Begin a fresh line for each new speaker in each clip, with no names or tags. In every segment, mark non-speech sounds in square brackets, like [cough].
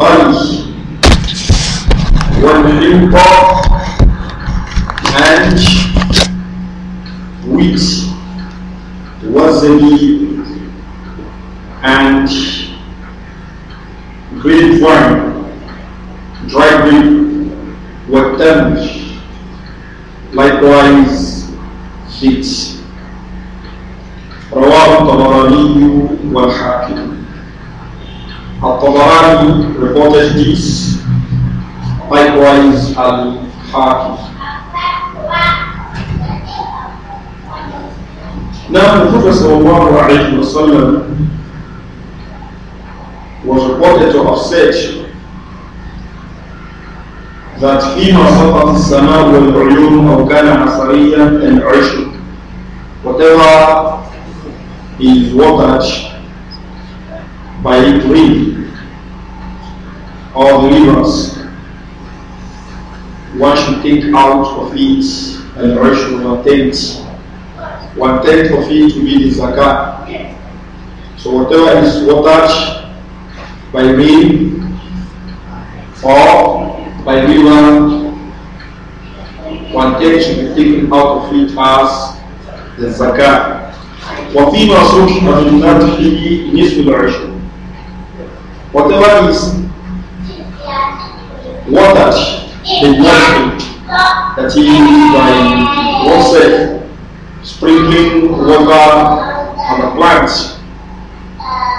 bunch والحنطة and wheat وزني and
grapevine dry grape والتمر likewise figs reported Likewise, Al Hakim. Now, the Prophet wasallam was reported to have said that فيما سقط السماء والعيون أو كان عصريا and عشق whatever is watered by it rain or believers, one should take out of it an ratio of one tenth. One tenth of it to be the zakat. So whatever is watered by rain or by river, one tenth should be taken out of it as the zakat. وفيما صلح من in this العشر. Whatever is watered the nursery,
that
is, by oneself, sprinkling water on the plants.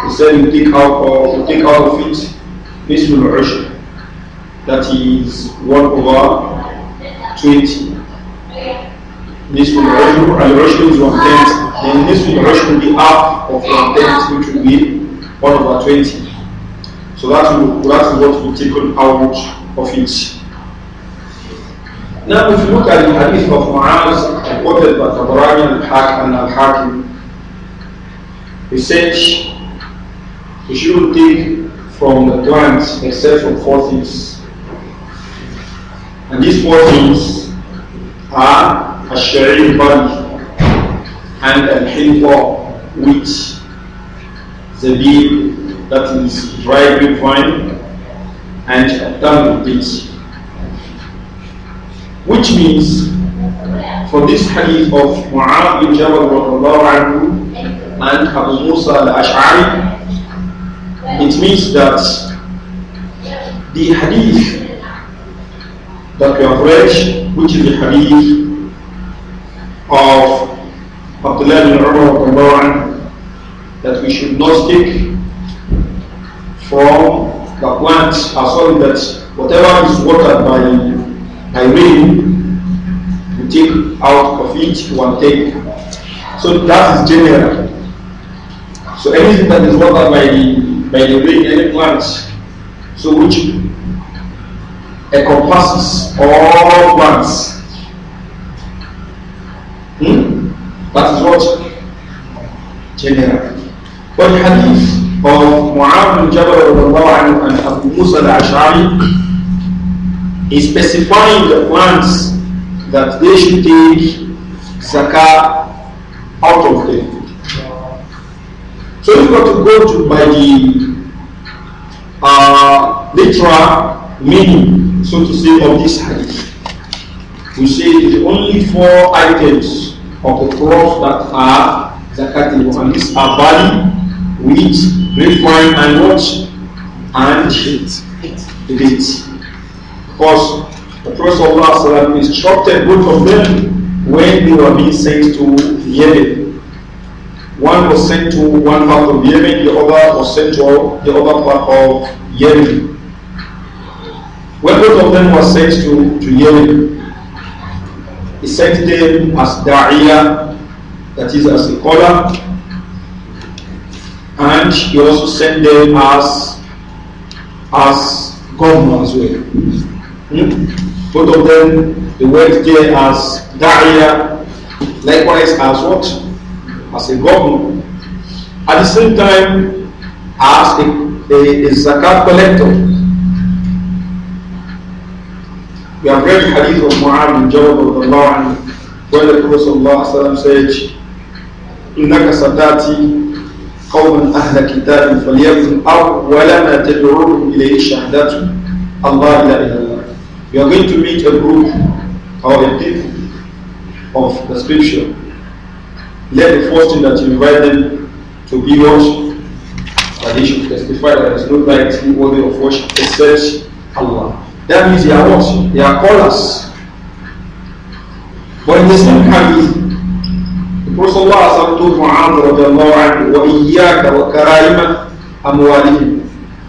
He said, You take out of, you take out of it this nourishment, that is 1 over 20. This nourishment, and nourishment is one tenth, then this nourishment will be half of one tenth, which will be 1 over 20. So that, that is what we take out of it. Now, if you look at the hadith of Mu'az, reported by Tabarani and hakim al-Hakim, he said, you should dig from the ground except from four things. And these four
things are a sharing bali and
al-hilwa wheat, zabib, that is dry grapevine, and done with it. Which means, for this hadith of Mu'adh bin Jabal anhu and Abu Musa al-Ash'ari, it means that the hadith that we have read, which is the hadith of Abdullah bin Umar that we should not take from the plants are sorry that whatever is watered by by rain, you take out of it one take. So that is general. So anything that is watered by the by the rain, any plant, so which encompasses all plants. Hmm? That is what general. But hadith of Mu'adh bin Jabal and Abu Musa al-Ash'ari is specifying the plants that they should take zakah out of them. So you've got to go to by the uh, literal meaning, so to say, of this hadith. We say the only four items of the crops that are zakatable, and these are barley, wheat, Make wine and what? And eat. Because the Prophet Allah instructed both of them when they were being sent to Yemen. One was sent to one part of Yemen, the other was sent to the other part of Yemen. When both of them were sent to, to Yemen, he sent them as Da'iyah, that is as a caller, and he also sent them as as governor as well. Hmm? Both of them they went there as Daria, likewise as what? As a governor. At the same time, as a, a, a zakat collector. We have read the hadith of Mu'ab bin Jabal where the Prophet said, إنك صداتي قوم أهل كتاب فليكن أول ما تدعوهم إليه شهادة الله لا إله إلا الله. We are going to meet a group or a people of the scripture. Let the first thing that you invite them to be worshipped, That they should testify that there is no deity worthy of worship except Allah. That means they are what? They are callers. But in the same time, Rasulullah told Mu'adh radiallahu anhu, وَإِيَّاكَ وَكَرَائِمَ أَمْوَالِهِمْ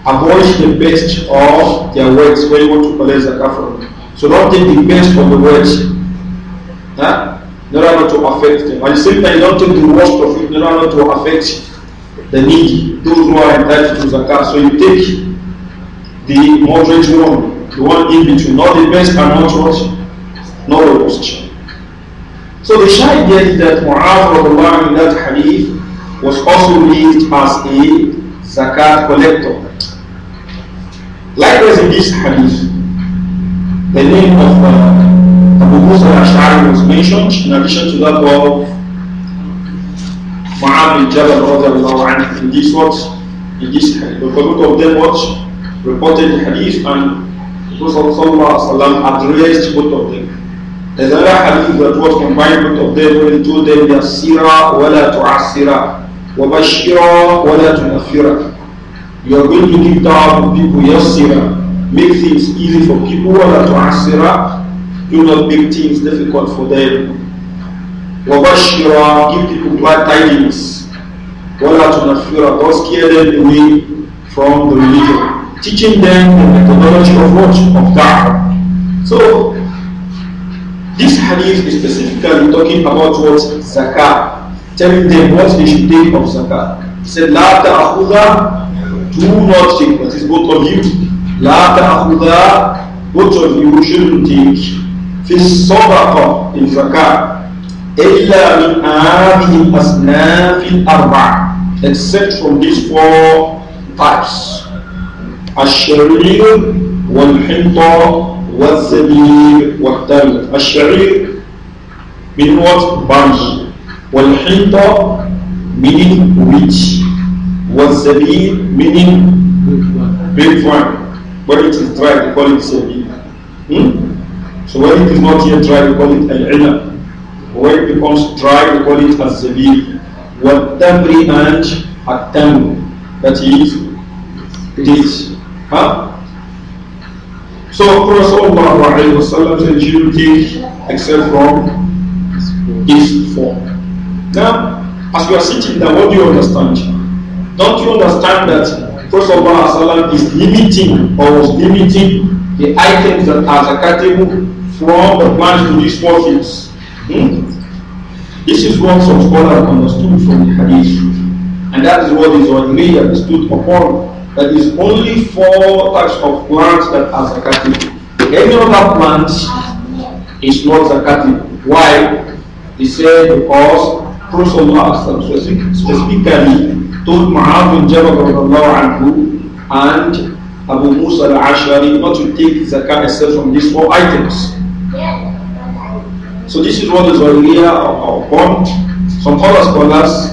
Avoid the best of their words when you want to collect zakah from them. So don't take the best of the words. Huh? In order not to affect them. At the same time, don't take the worst of it in order not to affect the needy, those who are entitled to zakah. So you take the moderate one, the one in between, not the best and not what? Not the worst. So the shahid is that Mu'adh in that hadith was also raised as a zakat collector. Likewise in this hadith, the name of uh, Abu Musa al-Ash'ari was mentioned in addition to that of Mu'adh bin Jabal in this what? In this hadith. of them what? Reported the hadith and Rasulullah addressed both of them. There's another hadith that was combined both of them when he told them, Yasira wala tu'asira, wabashira wala tunakhira. You are going to give dawah to people, Yasira, make things easy for people, wala tu'asira, do not make things difficult for them. Wabashira, give people glad tidings, wala tunakhira, don't scare them away from the religion. Teaching them the knowledge of what? Of da'wah. So,
this hadith is specifically talking about what? Zakah. Telling them what
they should take of zakah. He said, La ta'akhudha, do not take. That is both of you. La ta'akhudha, both of you shouldn't take. Fis sadaqa, in zakah. إلا من هذه الأصناف arba, except from these four types wal-hinta. والزبيب والتل الشعير من what barley والحنطة meaning wheat والزبيب meaning big one but it is dry they call it زبيب hmm? so when it is not yet dry they call it al-ilab when it becomes dry they call it al-zabib والتمر and التمر that is date huh? So Prophet said, you don't take except from this form. Now, as you are sitting there, what do you understand? Don't you understand that first of As-Salam is limiting or was limiting the items that are zakatable from the plants to these four fields? Hmm? This is what some scholars understood from the hadith. And that is what is only understood upon that is only four types of plants that are zakatable. Any other plant is not zakatable. Why? He said because Rasulullah specific, specifically told Mu'adh bin Jabal and Abu Musa al-Ashari not to take zakat except from these four items.
So this is what is the Zawiyah are upon. Some other scholars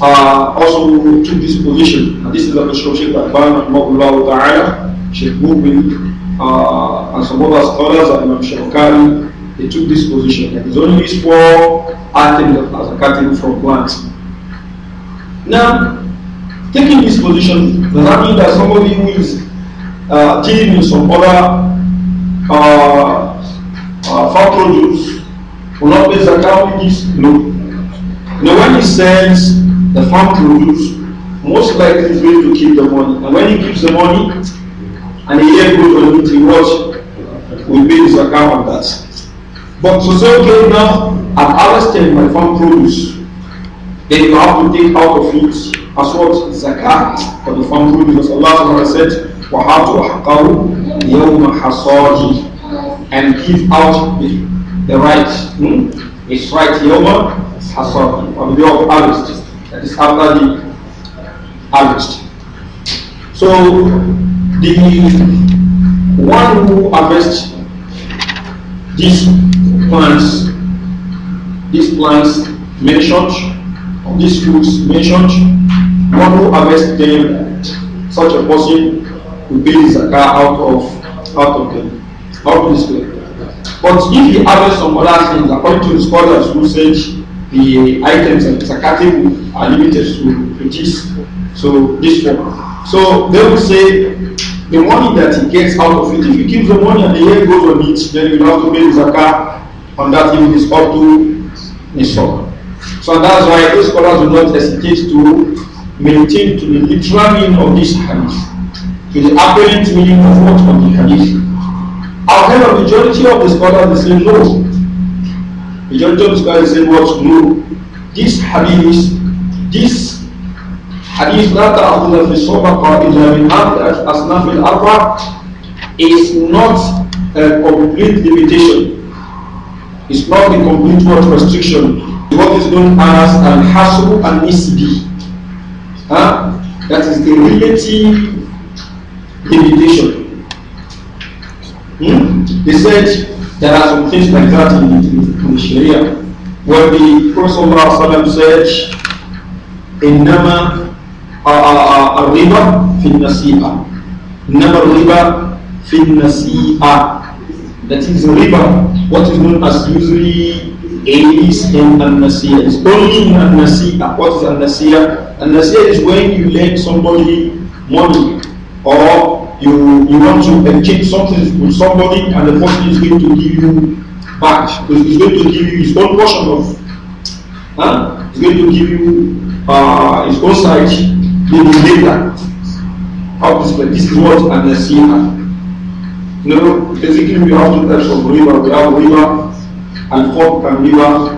uh, also took this position. this is the position that Sheikh Al-Ban, Ta'ala, Sheikh Mubin, uh, and some other scholars, like Imam Shawkani, they took this position. That it's only these four think, that a cutting from plants. Now, taking this position, does that mean that somebody who is uh, dealing with some other uh, uh, farm produce will not be zakat with this? No. Now, when he says the farm produce, most likely is going to keep the money. And when he keeps the money, and a year goes on it, he what will pay his account on that. But to so say, okay, now I've harvested my farm produce, then you have to take out of it as what zakat for the farm produce. Because Allah said, وَحَاتُ أَحْقَرُ يَوْمَ hasa'ji And give out the, the right, hmm? It's right, Yoma hasa'ji on the day of harvest. that is after the harvest. So the one who harvests these plants, these plants mentioned, these fruits mentioned, one who harvests them, such a person will pay zakah out of out of them, out of this place. But if he harvests some other things, according to the scholars who said the items that Zakati are limited to, to this, so this one. So they will say the money that he gets out of it, if he keeps the money and the hair goes on it, then you have to pay Zakat on that if it is up to Nisab. So that's why those scholars do not hesitate to maintain to the literal meaning of this hadith, to the apparent meaning of what on the hadith. However, majority of the scholars they say no. You don't just go and say what? No. This hadith, this hadith, لا تأخذ في الصدقة إلا من أحد أصناف الأربع is not a complete limitation. It's not the complete word restriction. What is known as an hasru and nisbi. Huh? That is the relative limitation. Hmm? They said there are some things like that in, in, in the Sharia. where the Prophet said, إنما الربا في النسيئة إنما الربا في النسيئة That is riba, what is known as usually is in al-nasiya. It's only in al-nasiya. What is al-nasiya? is when you lend somebody money or you you want to exchange something with somebody and the person is going to give you back because he's going to give you his own portion of huh? he's going to give you uh, his own side maybe later how this this is what an nasiha you know basically we have two types of river we have river and fork and river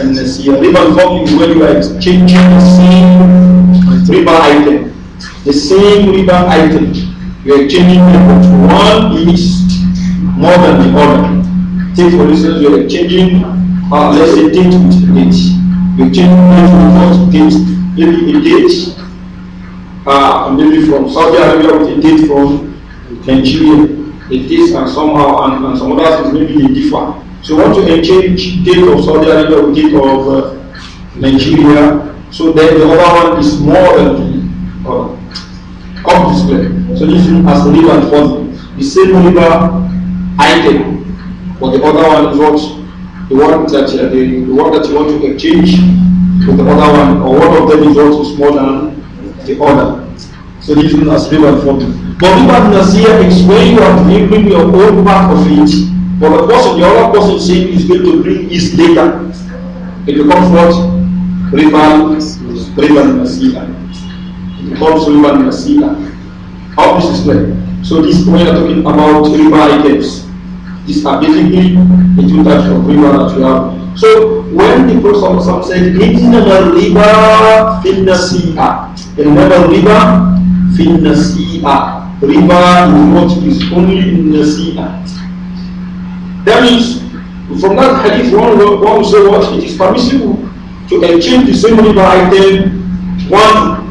and sea. river and fork is where you are exchanging the same river item the same river item we are changing One is more than the other. Take for instance, we are changing uh, let's say, date with date. You exchange methods date, maybe a date, uh, maybe from Saudi Arabia with a date from Nigeria. It is and somehow, and, and some other things maybe they differ. So you want to date of Saudi Arabia with date of uh, Nigeria. So then the other one is more than the other. Up this way. So this is as liver and fuzzy. The same liver item, but the other one is what the one that uh, the, the one that you want to exchange with the other one, or one of them is also smaller than the other. So this is as river and fuzzy. But river nasir is when you are delivering your own part of it. But the person, the other person saying is going to bring his data. It becomes what? River, river nasir becomes human nasila. How this is clear. So this when you are talking about river items, these are basically the two types of riba that we have. So when the Prophet said, Inna riba fin nasi'a. Remember riba fin nasi'a. Riba is what is only in nasi'a. That means from that hadith one one say what it is permissible to exchange the same river item one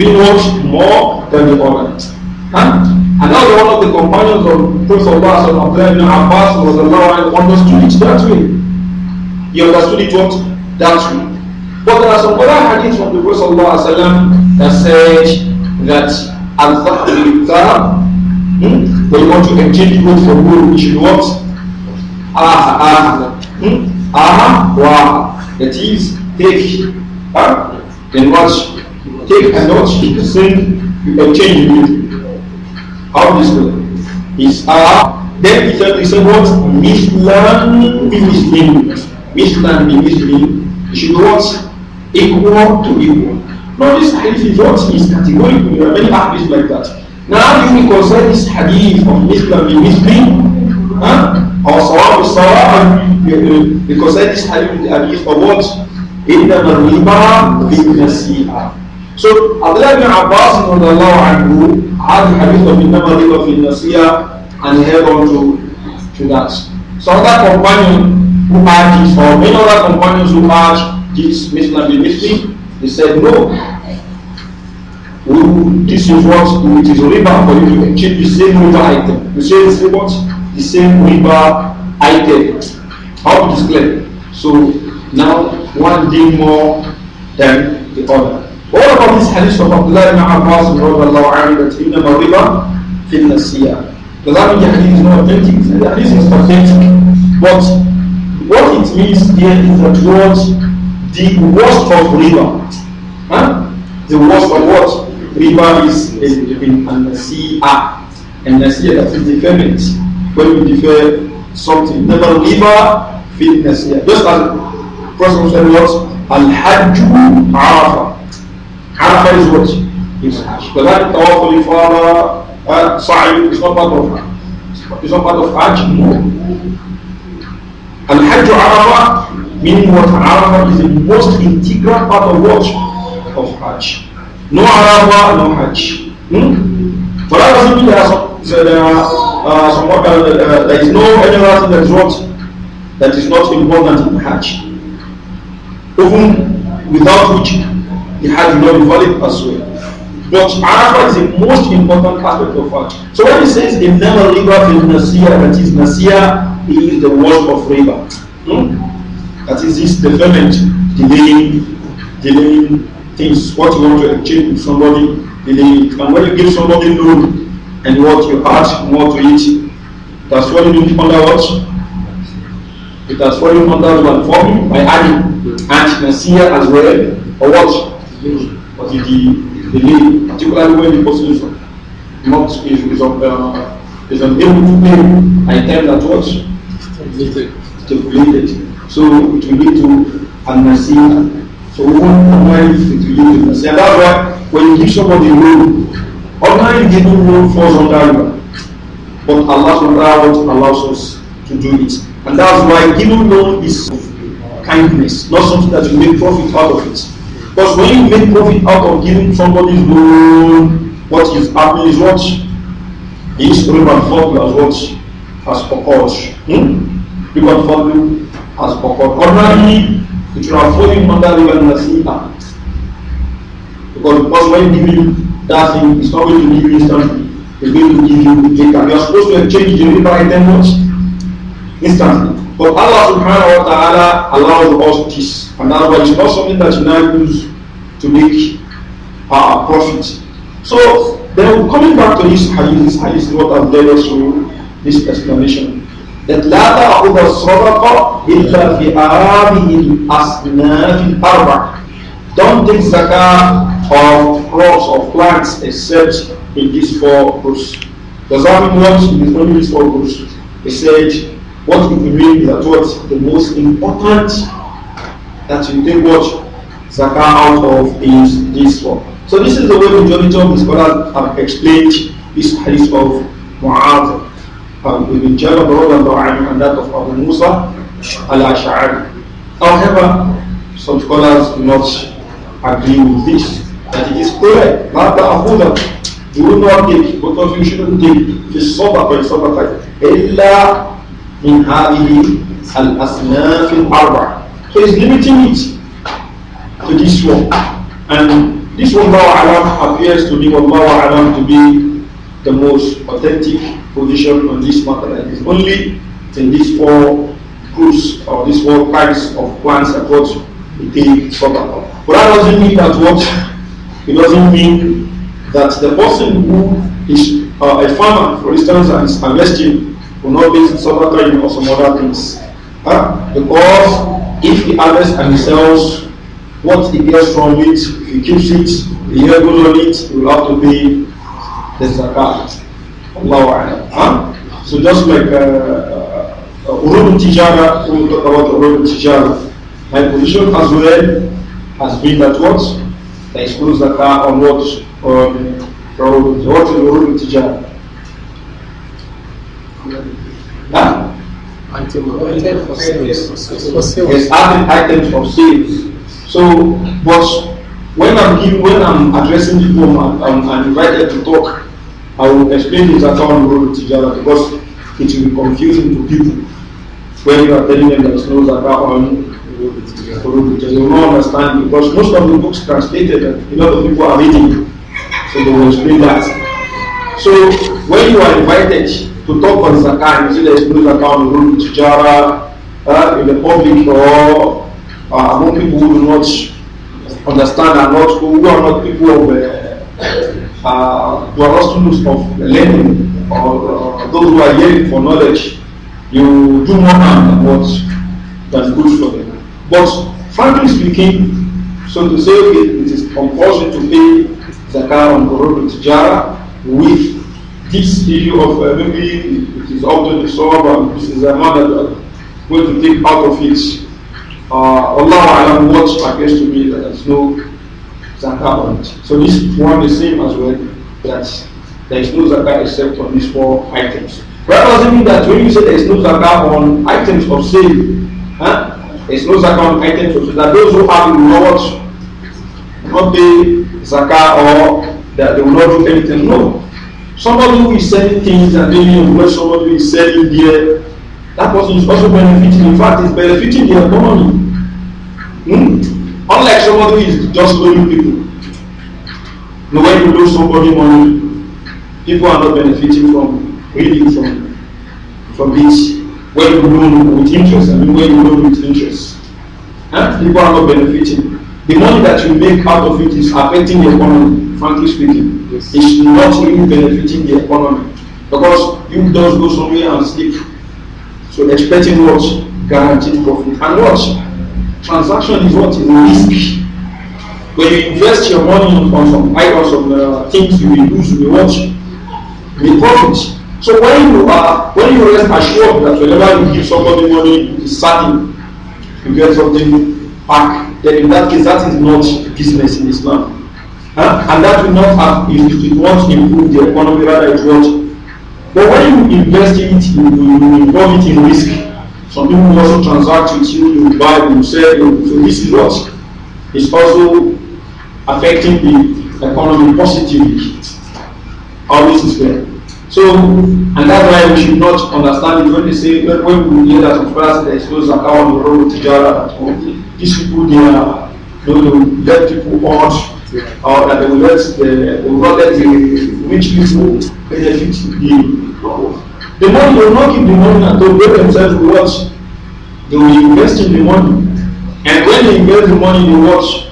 being watched more than the others. Huh? Another one of the companions of Prophet Allah Abdullah ibn Abbas was Allah understood it that way. He understood it what? That way. But there are some other hadiths from the Prophet Allah that said that al-thahab hmm? when you want to exchange gold for gold, you should what? Ah, ah, hmm? ah, ah wow. That is, take. Huh? Then what? Take cannot the same exchange meaning. how this is ah uh, then he said he said what Mislan be Muslim Mislan be Muslim you should what equal to equal. Notice this hadith is what is categorical. There are many hadiths like that. Now you will consider this hadith of Mislan be Muslim or Sawab is Sawab uh, consider this hadith, hadith of what إنما الربا بالنسيئة so Abdullah ibn Abbas anhu, had the habit of innamadil of Nasiyah and held on to, to that. So other companion who had this, or many other companions who had this be Bimithli, they said, no, we, this is what it is riba for you to keep the same riba item. You say it's what? The same riba item. How to display? So now one did more than the other. What about this hadith of Abdullah ibn Abbas that Ibn Mariba fil Nasiya? Does that mean the hadith is not authentic? The hadith is authentic. But what it means here is that what the worst of riba, huh?
the worst of what? Riba is
in Nasiya. And sea that is deferment. When you defer something, never riba fil Nasiya. Just as the Prophet said, what? Al-Hajju Arafah. على خير زوجته كذلك طواف الإفاضة وسعي is not part of is not part of Hajj الحج عرفة meaning what Arafah is the most integral part of what? Of Hajj. No Arafah, no Hajj. Hmm? But that there is no any other thing that is not, that is not important in Hajj. Even without which It will not be valid as well. But Arafah is the most important aspect of Hajj. So when he says, name never riba is Nasir, that is Nasir. he is the word of riba. Hmm? That is this deferment, delaying, delaying things. What you want to exchange with somebody, delaying. And when you give somebody loan, and what you ask, want to eat, that's what you do under what. It has fallen under one form by adding and Nasir as well, or what? the, the, the lay, particularly when the person is not is, is, of, uh, is unable to pay at a time that what? Stipulated. So it will to an So we want to know if it will lead to nasir. That's why when you give somebody a loan, ordinarily they giving not loan falls under you. But Allah allows us to do it. And that's why giving loan is kindness, not something that you make profit out of it. Because when you make profit out of giving somebody's loan, what is happening is what is Roman Fadl as what has occurred. Hmm? Roman Fadl has occurred. Ordinarily, it will have fallen under Roman Nasiha. Because, because when you give that thing, it's not going to give you instantly. It's going to give you later. You are supposed to exchange the river and ten months Instantly. But Allah subhanahu wa ta'ala allows us this. And that's why it's not something that you now use to make uh, profit. So then coming back to this hadith, this is what I'm us through this explanation. That لا تأخذ الصدقة إلا في هذه الأصناف الأربع. Don't take zakah of crops or plants except in these four groups. Does that mean what in only these four groups? He said, what you mean that what the most important that you take what zakah out of this this one. So this is the way the majority of the scholars have explained this hadith of Mu'adh um, uh, ibn Jabal radiallahu and that of Abu Musa al-Ash'ari. However, some scholars do not agree with this, that it is correct. Not the Ahuda. do not take, both of you shouldn't take this sober for sober إلا من هذه al الأربعة. So he's limiting it to this one. And this one now Alam appears to be Wallahu Alam to be the most authentic position on this matter. It is only in these four groups or these four kinds of plants that what we take But that doesn't mean that what it doesn't mean that the person who is uh, a farmer, for
instance, and is harvesting will not be sabaka or some other things.
Huh? Because if he harvests and he sells what he gets from it, he keeps it, the year goes on it, will have to pay the zakat. Allah huh? So just like urum uh, uh, uh Tijara, when we talk about urum Tijara, my position as well has been that what? There is no zakat on what? On Urub, what is urum Tijara? Huh? Items of
sales.
Yes, items of sales. So, but when I'm giving, when I'm addressing people, and I'm, I'm invited to talk. I will explain it at on road to Tijara because it will be confusing to people when you are telling them there is no Zakah on Urud They will not understand because most of the books translated and a lot of people are reading. So they will explain that. So when you are invited to talk on Zakah, you see there is no Zakah on Urud Tijara uh, in the public or uh, among people who do not understand and not who are not people of uh, uh, who are not students of learning or, or uh, those who are yearning for knowledge, you do more harm than what than good for them. But frankly speaking, so to say, okay, it is compulsory to pay zakat on corrupt tijara with this issue of uh, maybe it is out of the sober, this is a matter that uh, going to take out of it. uh, Allah Alam, what appears to me that there's no zakah on it. So this one is same as well, that there is no zakah except on these four items. That doesn't mean that when you say there is no zakah on items of sale, huh? there is no zakah on items of sale, that those who have not not pay zakah or that they will not do anything. No. Somebody who is selling things and dealing with what somebody who is selling there, that person is also benefiting. In fact, it's benefiting the economy. Hmm? Unlike somebody who is just loaning people. No, when you loan somebody money, people are not benefiting from really from from it. When you loan with interest, I mean when you loan with interest, huh? people are not benefiting. The money that you make out of it is affecting the economy. Frankly speaking, yes. it's not really benefiting the economy because you just go somewhere and sleep. So expecting what guaranteed profit and what transaction is what is risk. When you invest your money on some items, on uh, things you will lose, you will watch, you will profit. So when you are, when you rest assured that whenever you give somebody money, it is certain you get something back, then in that case, that is not business in Islam. Huh? And that will not have, if it won't improve the economy, rather it won't. But when you invest in it, you, you involve it in risk. Some people also transact with you, you buy, you sell. You, so this is what is also affecting the economy positively. All this is So, and that's why we should not understand it when they say, when, we hear that of course there is no zakah the road to Jara, these people, they are, they will let people out, or that they will let, the, they will not let the rich people benefit the poor. The money will not give the money until they themselves to watch. They will invest in the money. And when they invest the money, they watch.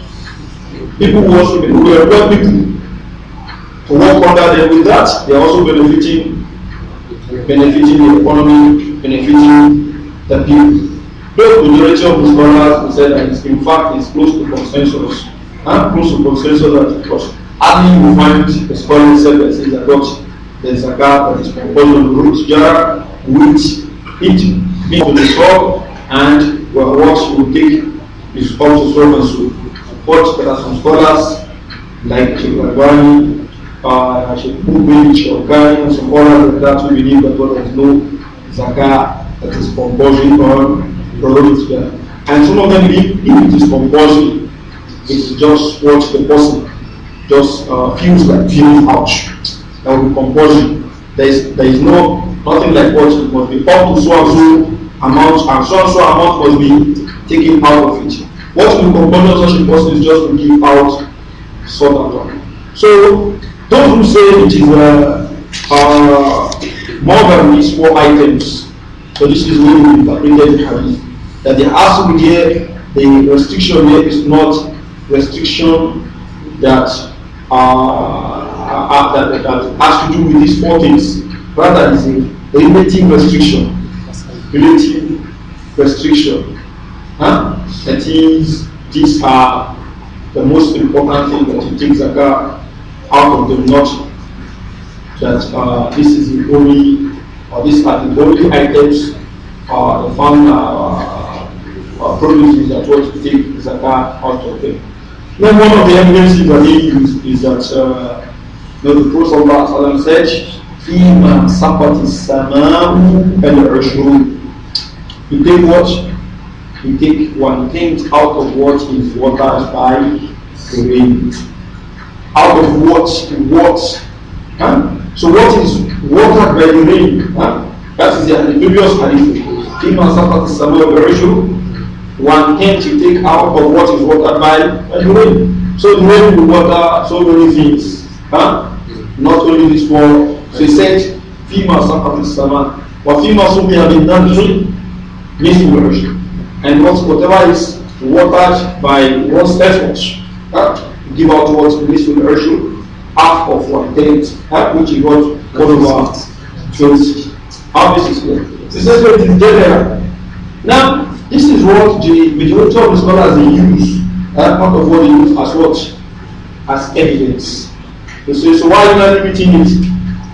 People who also who
employ people to work under them with that, they are also benefiting
benefiting the economy, benefiting the people. But the majority of the scholars said that it's, in fact it's close to consensus. And close to consensus that because hardly you find a scholar said that a that the zakat that is proposed root jar which it means to the soul and what will take is also soul and support. there are some scholars like Chibagwani, uh, Shekubich, Ogani, and some others that we believe that there is no zakat that is compulsory on root jar. And some of them believe if it is compulsory, it's just what the person just uh, feels like feels out. That will be compulsion. There is, there is no nothing like what must be up to so and so amount and so and so amount must be taken out of it. What will compulsion such a is just to give out sort of one. So those who say it is uh, uh, more than these four items, so this is what we interpreted in Hadith, that the asking here, the restriction here is not restriction that uh, that, that has to do with these four things. Rather, is a limiting restriction. limiting restriction. Huh? That is, these are the most important thing that you take zakah out of the not that uh, this is the only, or these are the only items, uh, the found uh, uh, produces that what you take car out of them. Then one of the evidences that they use is that uh, you know, the Prophet Allah said, فِيمَا سَقَتِ السَّمَاءُ الْعُشْرُونَ You take what? You take one thing out of what is watered by the rain. Out of what? What? Huh? So what is watered by the rain? Huh? That is the previous hadith. فِيمَا سَقَتِ السَّمَاءُ الْعُشْرُونَ one tenth you take out of what is watered by, by the rain. So the rain will water so many things. Huh? Not only this world. So he said, فيما سقط السماء وفيما سمي بالنبل مثل رشد. And what, whatever is watered by one's effort, huh? give out what مثل رشد, half of one tenth, huh? which is what one over twenty. How this is clear. This is what is general. Now, this is what the majority of the scholars they use, that part of what they use as what? As evidence. They say, so why are you not it?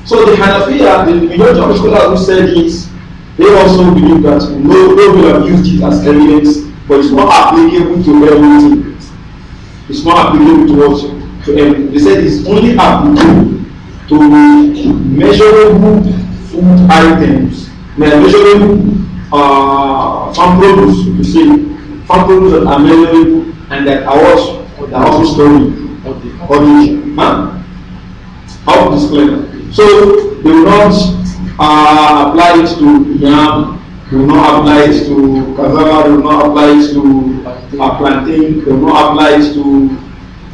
So the Hanafiya, the majority of the scholars who said this, they also believe that no, one will have used it as evidence, but it's not applicable to everything. It's not applicable to what? To everything. They said it's only applicable to measurable food items, measurable uh, palm produce, you see, palm produce are mainly and that are also, they are also stolen of the origin huh? of this claim. So they will not uh, apply it to yam, Do not apply it to cassava, Do not apply it to uh, plantain, they not apply it to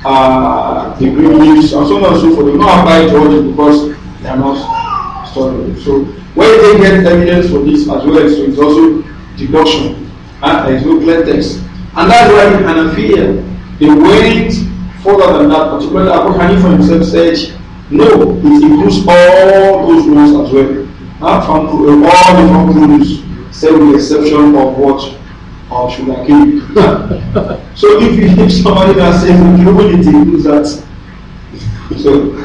uh, the green leaves and so on and so forth. They will not apply it to all because they are not stolen. So where they get evidence for this as well, so it's also Devotion, Huh? There is no clear text. And that's why in Hanafiya, they went further than that. Particularly Abu Hanifa himself said, no, it includes all those rules as well. Huh? From, uh, all the different rules, save the exception of what? Of sugarcane. [laughs] so if you give somebody that says nobody includes that. So, [laughs]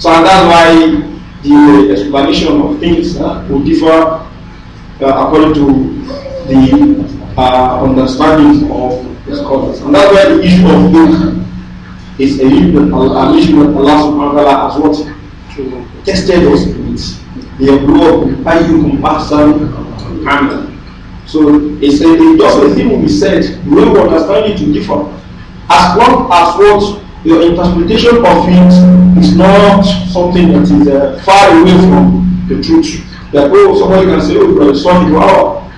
so and that's why the explanation of things huh, will differ uh, according to the uh, understanding of the scholars. And that's why the issue of milk is a issue that Allah, an issue that Allah subhanahu wa ta'ala has what? Tested us in it. They have blown Ayyukum Ahsan Amda. So it's a, it just a thing will be said, we will understand it to differ. As long as what your interpretation of it is not something that is uh, far away from the truth. That oh, somebody can say, oh, brother, son, you are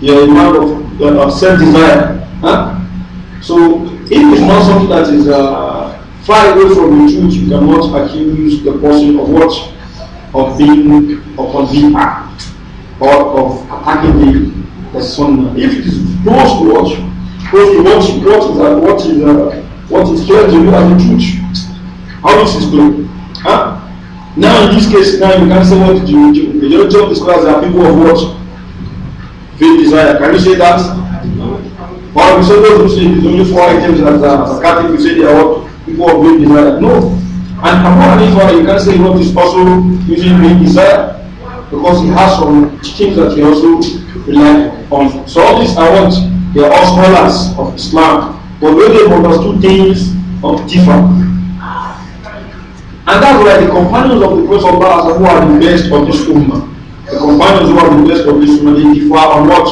you are a man of, uh, of self-desire. Huh? So if it's not something that is uh, far away from the truth, you cannot accuse the person of what of being of being act or of attacking the, person. If it is close to what, close to what, what is uh, what is uh, what is clear to you as the truth, how is this played? Now, in this case, now you can say what you, you, do? majority of the scholars are people of what? Faith desire. Can you say that? Or we say those say there's only four items that uh, are Catholic, we say they are what? People of great desire. No. And apparently, for you can say what is also using great desire because he has some things that he also rely on. So, all these are what? They are all scholars of Islam. But when they understood things of different. And that's why the companions of the Prophet Allah who are the best of this ummah. The companions who are the best of this ummah, they differ on what?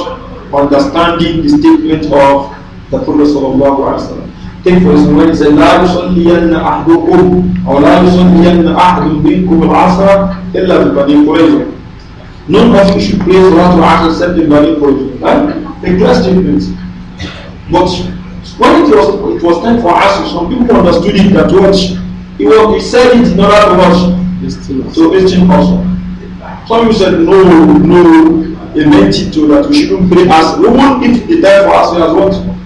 Understanding the statement of the Prophet Sallallahu Alaihi Wasallam. Take for example, when he said, لا يصلين أحدكم أو لا يصلين أحد منكم العصر إلا ببني قريظة. None of you should pray Salatul Asr except in Bani Qurayza. Right? A clear statement. But when it was, it was time for Asr, some people understood it that what he, was, he said it in order to watch. So visiting also. Some people said, no, no, they meant it to that we shouldn't pray as we won't if the die for us as what?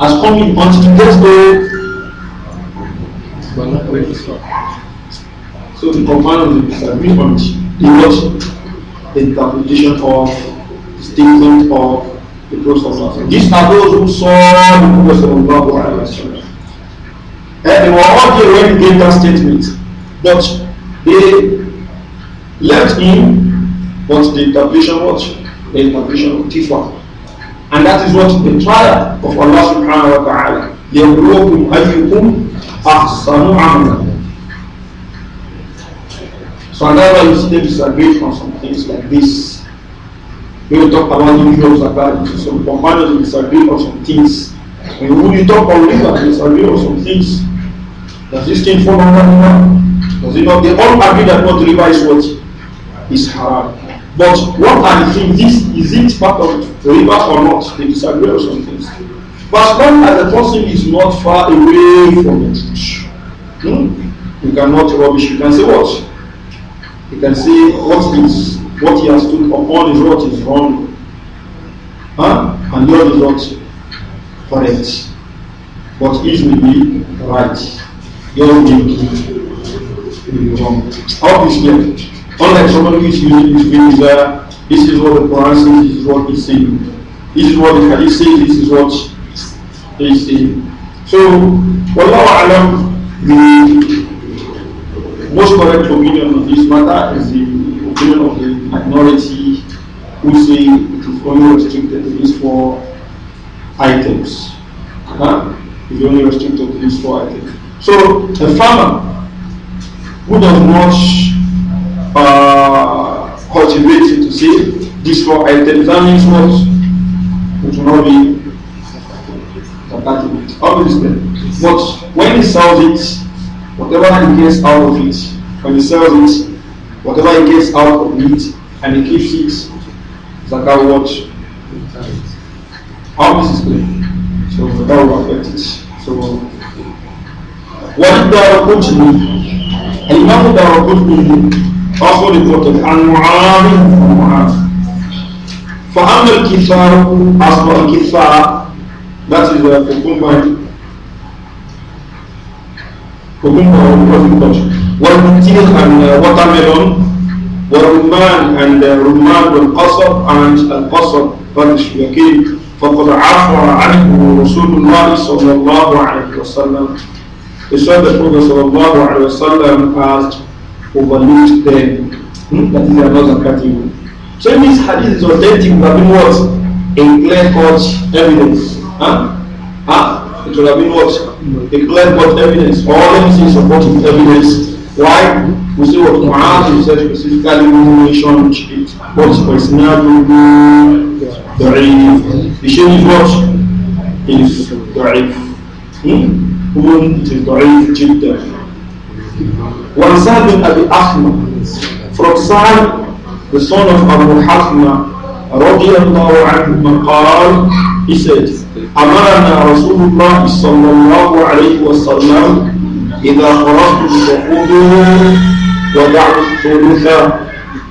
As coming until to get the so the command of the disagreement is what the interpretation of the statement of the of Prophet. These are those who saw the of Prophet And they were all here when he gave that statement. But they left him, What the interpretation was, The interpretation of Tifa. And that is what the trial of Allah subhanahu wa ta'ala. يَبْلُوكُمْ أَيُّكُمْ أَحْسَنُ عَمْلًا So that's why you see them disagree on some things like this. We will talk about the issue of zakat. Some companions disagree on some things. And when you talk on riba, disagree on some things. Does this thing fall under riba? Does it not? They all agree that what riba is what? Is haram. But what are the things? This, is it part of the riba or not? They disagree on some things. But as long as the person is not far away from the truth, hmm? you cannot rubbish. You can say what? You can say what is what he has stood
upon is what is wrong. Huh? And yours is what? Correct. But his will be
right your week will be wrong. that? Unlike somebody who is using this is what the Quran says, this is what he's saying. This is what the Hadith says, this is what he's So, Wallahu Alam, the
most correct opinion on this matter is the opinion of the minority who say it is only restricted to
these four items. Huh? It is only restricted to these four items. So a farmer who does not uh, cultivate to say this for a determined what it will not be
compatible. Obviously, but when he sells it, whatever he gets out of it, when he sells it,
whatever he gets out of it, and he keeps it, Zakat watch. How this is playing. So that will affect it. So والدارقطني الإمام الدارقطني أخذ قتل عن معاذ بن معاذ فأما الكفار أصبح الكفار that is the cucumber cucumber of coffee والبطيخ and uh, watermelon والرمان and uh, رمان والقصب and القصب فنش يكيد فقد عفو عنه رسول الله صلى الله عليه وسلم He said the Prophet وسلم, has overlooked them. Hmm? That is another category. So if this hadith is authentic, would have been what? A
clear cut evidence. Huh? Huh? It would have been what? A clear
cut evidence. All of this is supporting evidence. Why? We see what Mu'adh said specifically mentioned it. But for Isnadu, the The Shaykh is what? Is the Hmm? كنت ضعيف جدا وعن سعد بن أبي أحمد from Sa'd the son of Abu Hafna رضي الله عنهما قال he said أمرنا رسول الله صلى الله عليه وسلم إذا خرجتم فخذوا ودعوا الثلث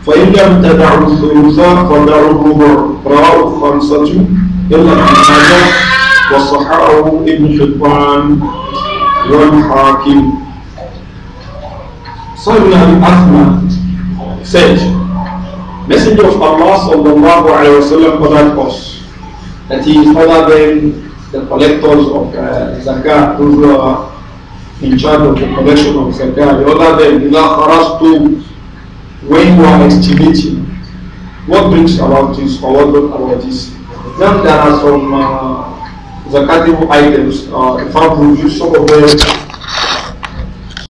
فإن لم تدعوا الثلث فدعوا الربع رواه الخمسة إلا ابن ماجه وصححه ابن حبان والحاكم Sa'd ibn Athman said, Messenger of Allah sallallahu alayhi wa sallam ordered us that he is other than the collectors of uh, zakat, those who are in charge of the collection of zakah, the other than to when you are estimating
what brings about this or what brought about this. Then there are some uh, the zakatable items. Uh, in fact, we use some of them